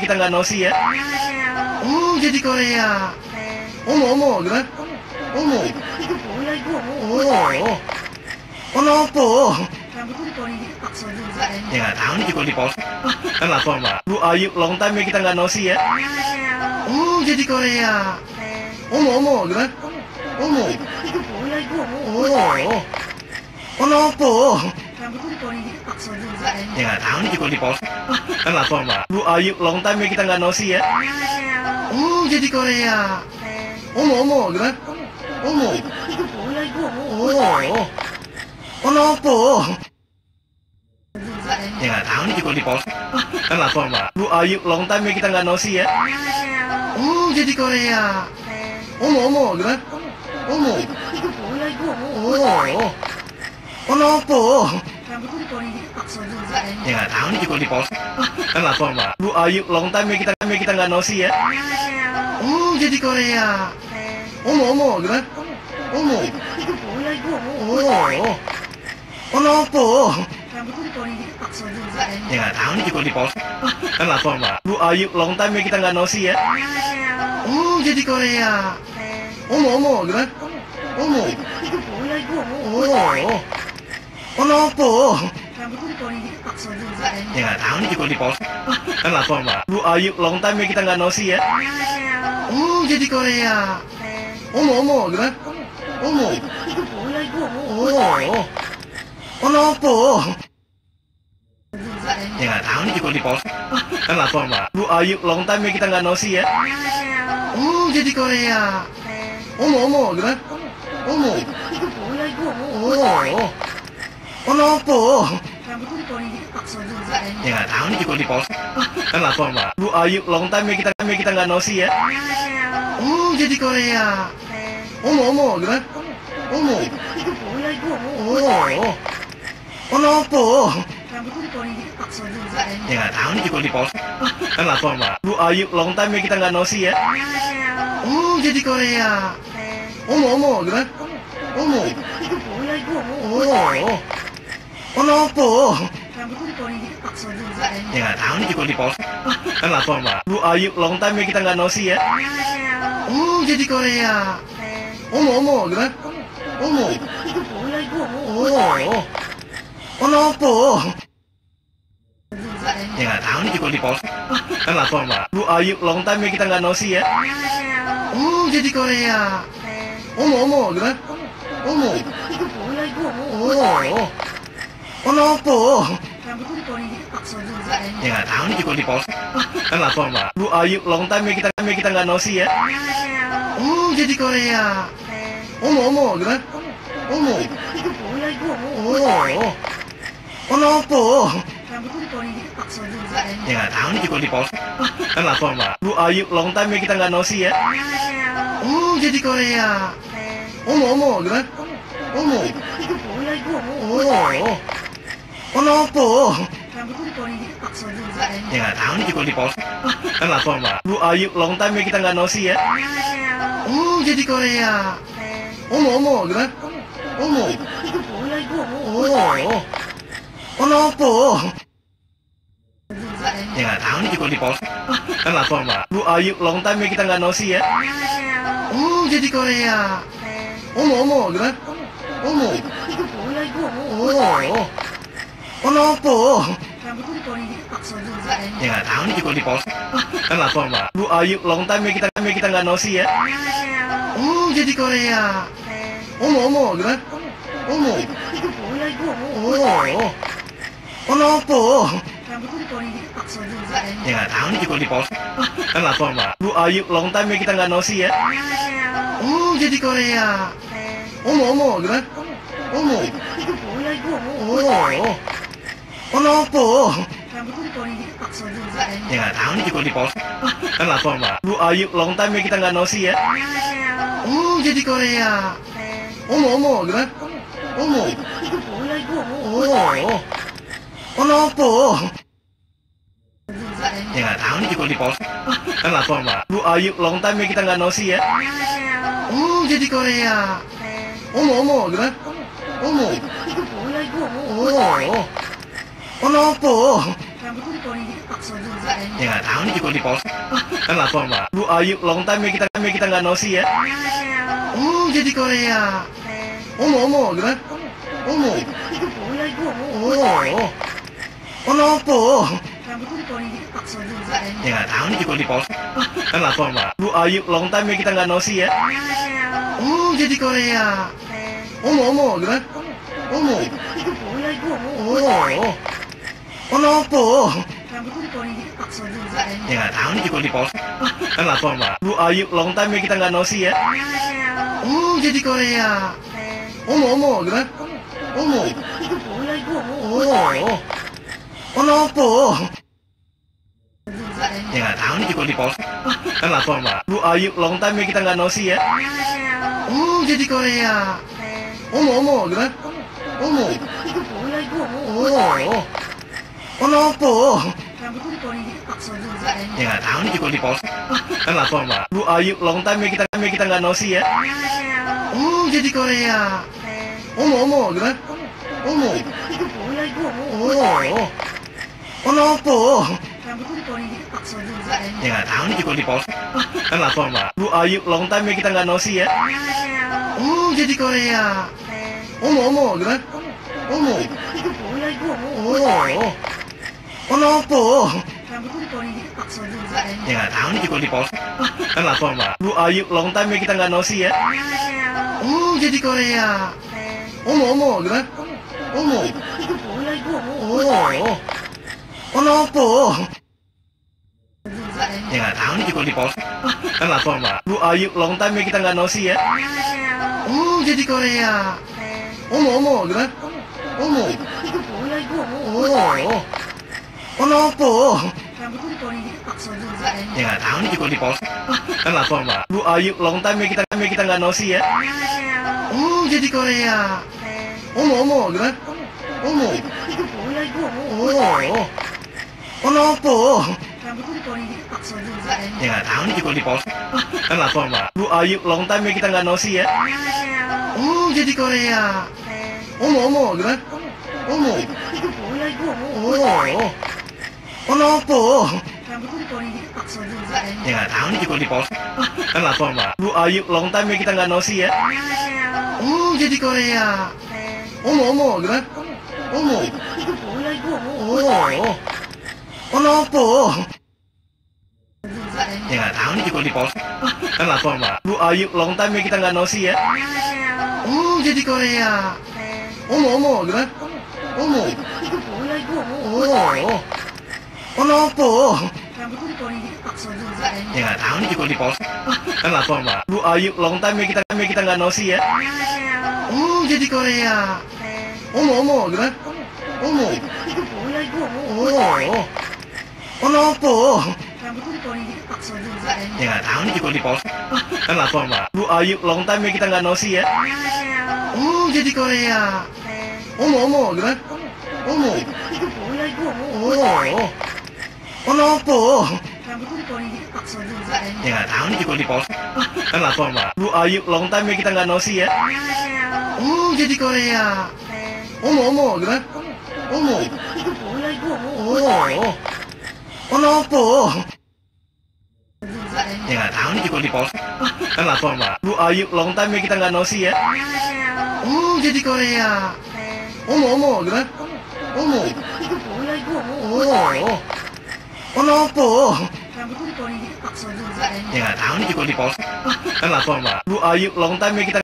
kita nggak nosi ya. Oh, jadi Korea. Omo, omo, gimana? Omo. Oh. Oh, nopo. Ya nggak tahu nih kalau di polsek. Kan lapor, Pak. Bu Ayu, long time ya kita nggak nosi ya. Oh, jadi Korea. Omo, omo, gimana? Omo. Oh. Oh, nopo. Ya nggak tahu nih kalau di polsek. Kan lapor pak. Bu Ayu, long time ya kita nggak nosi ya. Oh jadi Korea. Oh, omo omo gimana? Omo. Oh. Oh nopo. Ya nggak tahu nih kalau di polsek. Kan lapor pak. Bu Ayu, long time ya kita nggak nosi ya. Oh jadi Korea. Oh, omo omo gimana? Omo. Oh. Oh nopo. Ya nggak tahu nih kalau di Polsek. kan lapor Pak. Bu Ayu, long time ya kita kami kita nggak nosi ya. Oh jadi Korea. Omo oh, omo gimana? Omo. Oh oh. Oh nopo. Ya nggak tahu nih kalau di Polsek. kan lapor Pak. Bu Ayu, long time ya kita nggak nosi ya. Oh jadi Korea. Omo oh, omo gimana? Omo. Oh. Ono opo? Rambutku dipoling dikit paksa juga Ya nggak tahu nih kalau di polsek Kan lapor pak Bu Ayu long time ya kita nggak nosi ya Oh jadi Korea Omo omo gimana? Omo Oh Ono opo? Ya nggak tahu nih kalau di polsek Kan lapor pak Bu Ayu long time ya kita nggak nosi ya Oh jadi Korea Omo omo gimana? Omo Oh ono Menopo? Rambutku dipolisi paksa dulu. Ya nggak tahu nih kalau di polsek. Kan lapor pak. Bu Ayu, long time ya kita time kita nggak nosi ya. Oh jadi Korea. Omo omo gimana? Omo. Oh. oh. Menopo? Rambutku dipolisi paksa dulu. Ya nggak tahu nih kalau di polsek. Kan lapor pak. Bu Ayu, long time ya kita nggak nosi ya. Oh jadi Korea. Omo omo gimana? Omo. Oh. Oh nopo? Ya nggak tahu nih kalau di polsek. kan lapor pak. Bu Ayu, long time ya kita nggak nosi ya. Iya. Oh jadi Korea. Omo omo gimana? Omo. Oh. Oh nopo? Ya nggak tahu nih kalau di polsek. kan lapor pak. Bu Ayu, long time ya kita nggak nosi ya. Iya. Oh jadi Korea. Omo omo gimana? Omo. Oh. Kenapa? Rambutku dipoli dikit paksa juga Ya nggak tahu nih cukup di polsek. Kan lapor pak. Bu Ayu, long time ya kita ya kita nggak nosi ya. Oh jadi Korea. Omo omo gimana? Omo. Oh. Oh Oh Oh Oh Ya nggak tahu nih cukup di polsek. Kan lapor pak. Bu Ayu, long time ya kita nggak nosi ya. Oh jadi Korea. Omo omo gimana? Omo. Oh nopo? Ya nggak tahu nih kalau di polsek. Kan lapor mbak. Bu Ayu, long time ya kita nggak nosi ya. Oh jadi Korea. Omo omo gimana? Omo. Oh. Oh nopo? Ya nggak tahu nih kalau di polsek. Kan lapor mbak. Bu Ayu, long time ya kita nggak nosi ya. Oh jadi Korea. Omo omo gimana? Omo. Oh. Ono oh, apa? Rambutku dipolisi paksa juga. Ya nggak tahu nih ikut di polsek. Kan lapor pak. Bu Ayu, long time ya kita ya kita nggak nosi ya. Oh jadi Korea. Omo omo gimana? Omo. Oh. Ono oh, apa? Rambutku dipolisi paksa juga. Ya nggak tahu nih ikut di polsek. Kan lapor pak. Bu Ayu, long time ya kita nggak nosi ya. Oh jadi Korea. Omo omo gimana? Omo. Oh. Oh nopo? Rambutku di dikit paksa juga. Ya nggak tahu nih kalau di polsek. Kan lapor pak. Bu Ayu, long time ya kita nggak nosi ya. Nah, ya. Oh jadi Korea. Omo omo gimana? Omo. Oh. Oh nopo? Ya nggak tahu nih kalau di polsek. Kan lapor pak. Bu Ayu, long time ya kita nggak nosi ya. Nah, ya. Oh jadi Korea. Omo omo gimana? Omo. Oh. Oh nopo? Rambutku diponi dikit paksa juga. Ya nggak tahu nih ikut di polsek. Kan lapor pak. Bu Ayu, long time ya kita kan ya kita nggak nosi ya. Iya, iya. Oh jadi Korea. Iya. Omo omo gimana? Omo. Omo. oh. Ono oh, nopo? Rambutku diponi dikit paksa juga. Ya nggak tahu nih ikut di polsek. Kan lapor pak. Bu Ayu, long time ya kita nggak nosi ya. Oh jadi Korea. Omo omo gimana? Omo. Oh. Ono oh, nopo? paksa Ya nggak tahu nih kalau di polsek. Kan lapor pak. Bu Ayu, long time ya kita nggak nosi ya. Oh jadi Korea. Omo omo gimana? Omo. Oh. Ono nopo? Ya nggak tahu nih kalau di polsek. Kan lapor pak. Bu Ayu, long time ya kita nggak nosi ya. Oh jadi Korea. Omo omo gimana? Omo. Oh. Oh nopo? Rambutku Ya nggak tahu nih kalau di polsek. Kan lapor pak. Bu Ayu, long time ya kita kita nggak nosi ya. Oh jadi Korea. Iya. Omo omo gimana? Omo. Oh. Oh nopo? Rambutku diponi paksa Ya nggak tahu nih kalau di polsek. Kan lapor pak. Bu Ayu, long time ya kita nggak nosi ya. Oh jadi Korea. Iya. Omo omo gimana? Omo. Iya, oh. Ono opo? Rambutku gitu, Ya nggak tahu nih ikut di polsek. kan lapor Pak. Bu Ayu, long time ya kita nggak nosi ya. Iya, iya. Oh jadi Korea. Iya. Omo omo gimana? Omo. Oh. Oh nopo? Ya nggak tahu nih ikut di polsek. kan lapor Pak. Bu Ayu, long time ya kita nggak nosi ya. Oh jadi Korea. Omo omo gimana? Omo. Oh. Ono opo? Ya nggak tahu nih kita di polsek. Kan lapor Pak. Bu Ayu, long time ya kita ya kita nggak nosi ya. Oh jadi Korea. Omo omo gimana? Omo. Oh. Ono opo? Ya nggak tahu nih kita di polsek. Kan lapor Pak. Bu Ayu, long time ya kita nggak nosi ya. Oh jadi Korea. Omo omo gimana? Omo. Oh nopo? paksa juga. Ya nggak tahu nih ikut di polsek. Kan lapor pak. Bu Ayu, long time ya kita nggak nosi ya. Oh jadi Korea. Omo omo gimana? Omo. Oh. Oh, oh nopo? Ya nggak tahu nih ikut di polsek. Kan lapor pak. Bu Ayu, long time ya kita nggak nosi ya. Oh jadi Korea. Omo omo gimana? Omo. Oh. Oh nopo? Rambutku dikoreng dikit paksa juga Ya nggak tahu nih juga di polsek. Kan lapor pak. Bu Ayu, long time ya kita ya kita nggak nosi ya. Oh jadi Korea. Omo omo gimana? Omo. Oh oh. Oh nopo? di dikoreng dikit paksa juga Ya nggak tahu nih juga di polsek. Kan lapor pak. Bu Ayu, long time ya kita nggak nosi ya. Oh jadi Korea. Omo omo gimana? Omo. Oh. oh. Oh nopo? Ya nggak tahu nih kalau di polsek Kan lapor mbak. Bu Ayu, long time ya kita nggak nosi ya iya, iya. Oh jadi Korea iya. Omo, omo, gimana? Omo Oh, oh nopo? Ya nggak tahu nih kalau di polsek Kan lapor mbak. Bu Ayu, long time ya kita nggak nosi ya Oh jadi Korea Omo, omo, gimana? Omo Oh, oh Oh nopo? Rambutku di polisi paksa dulu. Ya nggak tahu nih kalau di Kan lapor mbak. Bu Ayu, long time ya kita